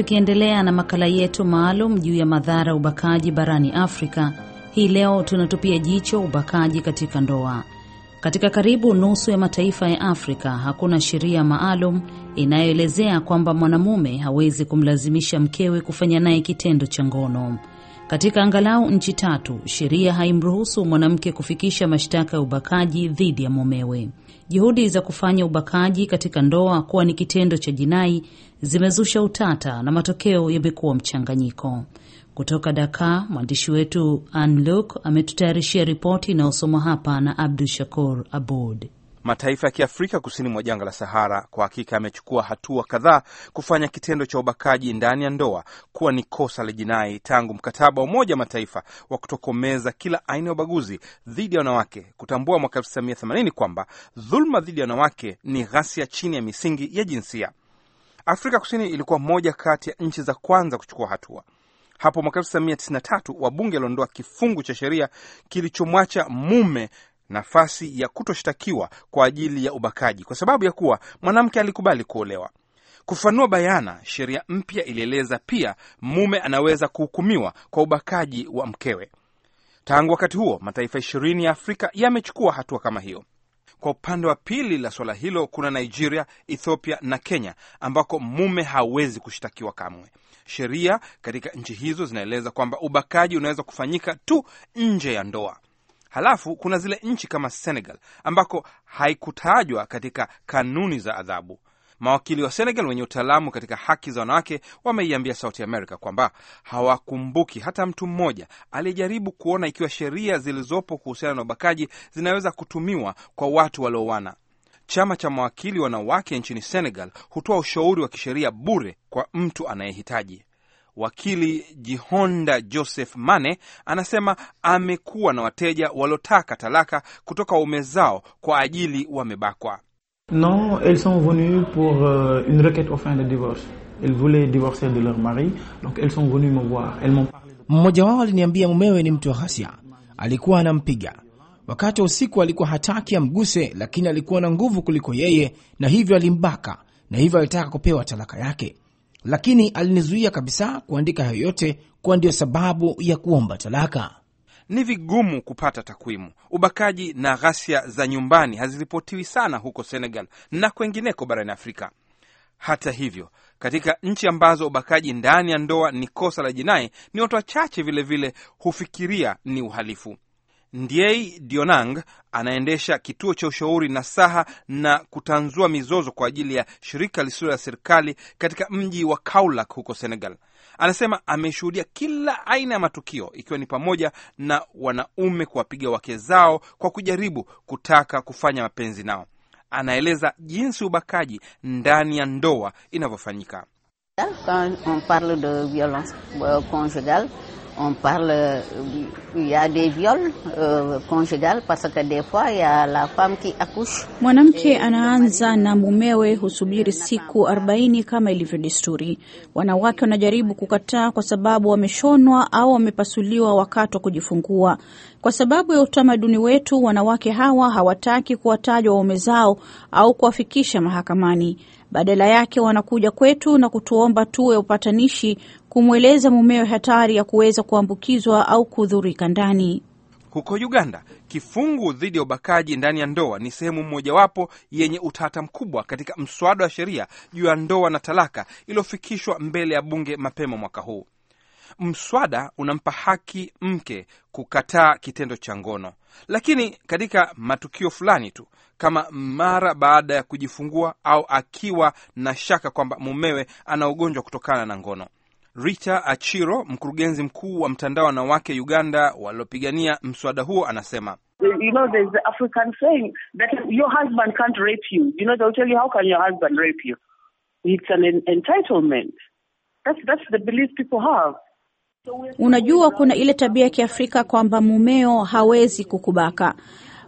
Tukiendelea na makala yetu maalum juu ya madhara ubakaji barani Afrika, hii leo tunatupia jicho ubakaji katika ndoa. Katika karibu nusu ya mataifa ya Afrika hakuna sheria maalum inayoelezea kwamba mwanamume hawezi kumlazimisha mkewe kufanya naye kitendo cha ngono. Katika angalau nchi tatu, sheria haimruhusu mwanamke kufikisha mashtaka ya ubakaji dhidi ya mumewe. Juhudi za kufanya ubakaji katika ndoa kuwa ni kitendo cha jinai zimezusha utata na matokeo yamekuwa mchanganyiko. Kutoka Dakar, mwandishi wetu Anne luk ametutayarishia ripoti inayosomwa hapa na Abdu Shakur Abud. Mataifa ya Kiafrika kusini mwa jangwa la Sahara kwa hakika yamechukua hatua kadhaa kufanya kitendo cha ubakaji ndani ya ndoa kuwa ni kosa la jinai tangu mkataba wa Umoja wa Mataifa wa kutokomeza kila aina ya ubaguzi dhidi ya wanawake kutambua mwaka 1980 kwamba dhuluma dhidi ya wanawake ni ghasia chini ya misingi ya jinsia. Afrika Kusini ilikuwa moja kati ya nchi za kwanza kuchukua hatua. Hapo mwaka 1993 wabunge waliondoa kifungu cha sheria kilichomwacha mume nafasi ya kutoshtakiwa kwa ajili ya ubakaji kwa sababu ya kuwa mwanamke alikubali kuolewa. Kufanua bayana, sheria mpya ilieleza pia mume anaweza kuhukumiwa kwa ubakaji wa mkewe. Tangu wakati huo mataifa ishirini ya Afrika yamechukua hatua kama hiyo. Kwa upande wa pili la suala hilo kuna Nigeria, Ethiopia na Kenya ambako mume hawezi kushtakiwa kamwe. Sheria katika nchi hizo zinaeleza kwamba ubakaji unaweza kufanyika tu nje ya ndoa. Halafu kuna zile nchi kama Senegal ambako haikutajwa katika kanuni za adhabu. Mawakili wa Senegal wenye utaalamu katika haki za wanawake wameiambia Sauti Amerika kwamba hawakumbuki hata mtu mmoja aliyejaribu kuona ikiwa sheria zilizopo kuhusiana na ubakaji zinaweza kutumiwa kwa watu waliowana. Chama cha mawakili wanawake nchini Senegal hutoa ushauri wa kisheria bure kwa mtu anayehitaji. Wakili Jihonda Joseph Mane anasema amekuwa na wateja waliotaka talaka kutoka waume zao kwa ajili wamebakwa. Non, elles sont venues pour euh, une requête de divorce. Elles voulaient divorcer de leur mari, donc elles sont venues me voir. Elles m'ont parlé. Mmoja wao aliniambia mumewe ni mtu wa ghasia, alikuwa anampiga wakati wa usiku, alikuwa hataki amguse, lakini alikuwa na nguvu kuliko yeye, na hivyo alimbaka, na hivyo alitaka kupewa talaka yake lakini alinizuia kabisa kuandika hayo yote, kuwa ndiyo sababu ya kuomba talaka. Ni vigumu kupata takwimu. Ubakaji na ghasia za nyumbani haziripotiwi sana huko Senegal na kwengineko barani Afrika. Hata hivyo, katika nchi ambazo ubakaji ndani ya ndoa ni kosa la jinai, ni watu wachache vilevile hufikiria ni uhalifu. Ndiei Dionang anaendesha kituo cha ushauri na saha na kutanzua mizozo kwa ajili ya shirika lisilo la serikali katika mji wa Kaulak huko Senegal. Anasema ameshuhudia kila aina ya matukio ikiwa ni pamoja na wanaume kuwapiga wake zao kwa kujaribu kutaka kufanya mapenzi nao. Anaeleza jinsi ubakaji ndani ya ndoa inavyofanyika. Euh, on parle, euh, il y a des viols euh, conjugales parce que des fois il y a la femme qui accouche. Mwanamke anaanza na mumewe husubiri siku 40 kama ilivyo desturi. Wanawake wanajaribu kukataa kwa sababu wameshonwa au wamepasuliwa wakati wa kujifungua. Kwa sababu ya utamaduni wetu, wanawake hawa hawataki kuwatajwa waume zao au kuwafikisha mahakamani. Badala yake wanakuja kwetu na kutuomba tuwe upatanishi, kumweleza mumewe hatari ya kuweza kuambukizwa au kudhurika ndani. Huko Uganda, kifungu dhidi ya ubakaji ndani ya ndoa ni sehemu mojawapo yenye utata mkubwa katika mswada wa sheria juu ya ndoa na talaka iliyofikishwa mbele ya bunge mapema mwaka huu mswada unampa haki mke kukataa kitendo cha ngono, lakini katika matukio fulani tu, kama mara baada ya kujifungua au akiwa na shaka kwamba mumewe ana ugonjwa kutokana na ngono. Rita Achiro, mkurugenzi mkuu wa mtandao wanawake Uganda waliopigania mswada huo, anasema You know, there's the African saying that your husband can't rape you. You know, they'll tell you, how can your husband rape you? It's an entitlement. That's, that's the belief people have. Unajua, kuna ile tabia ya Kiafrika kwamba mumeo hawezi kukubaka.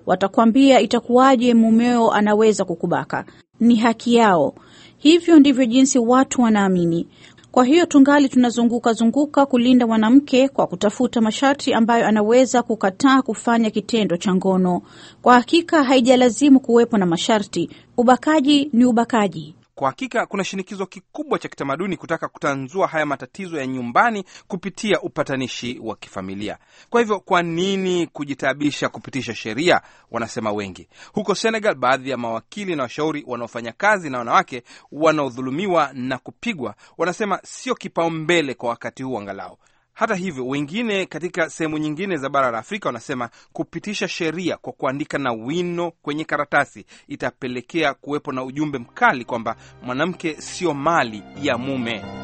Watakwambia itakuwaje mumeo anaweza kukubaka? Ni haki yao. Hivyo ndivyo jinsi watu wanaamini. Kwa hiyo tungali tunazunguka zunguka kulinda mwanamke kwa kutafuta masharti ambayo anaweza kukataa kufanya kitendo cha ngono. Kwa hakika haijalazimu kuwepo na masharti. Ubakaji ni ubakaji. Kwa hakika kuna shinikizo kikubwa cha kitamaduni kutaka kutanzua haya matatizo ya nyumbani kupitia upatanishi wa kifamilia. Kwa hivyo, kwa nini kujitaabisha kupitisha sheria, wanasema wengi. Huko Senegal, baadhi ya mawakili na washauri wanaofanya kazi na wanawake wanaodhulumiwa na kupigwa wanasema sio kipaumbele kwa wakati huu angalau. Hata hivyo, wengine katika sehemu nyingine za bara la Afrika wanasema kupitisha sheria kwa kuandika na wino kwenye karatasi itapelekea kuwepo na ujumbe mkali kwamba mwanamke sio mali ya mume.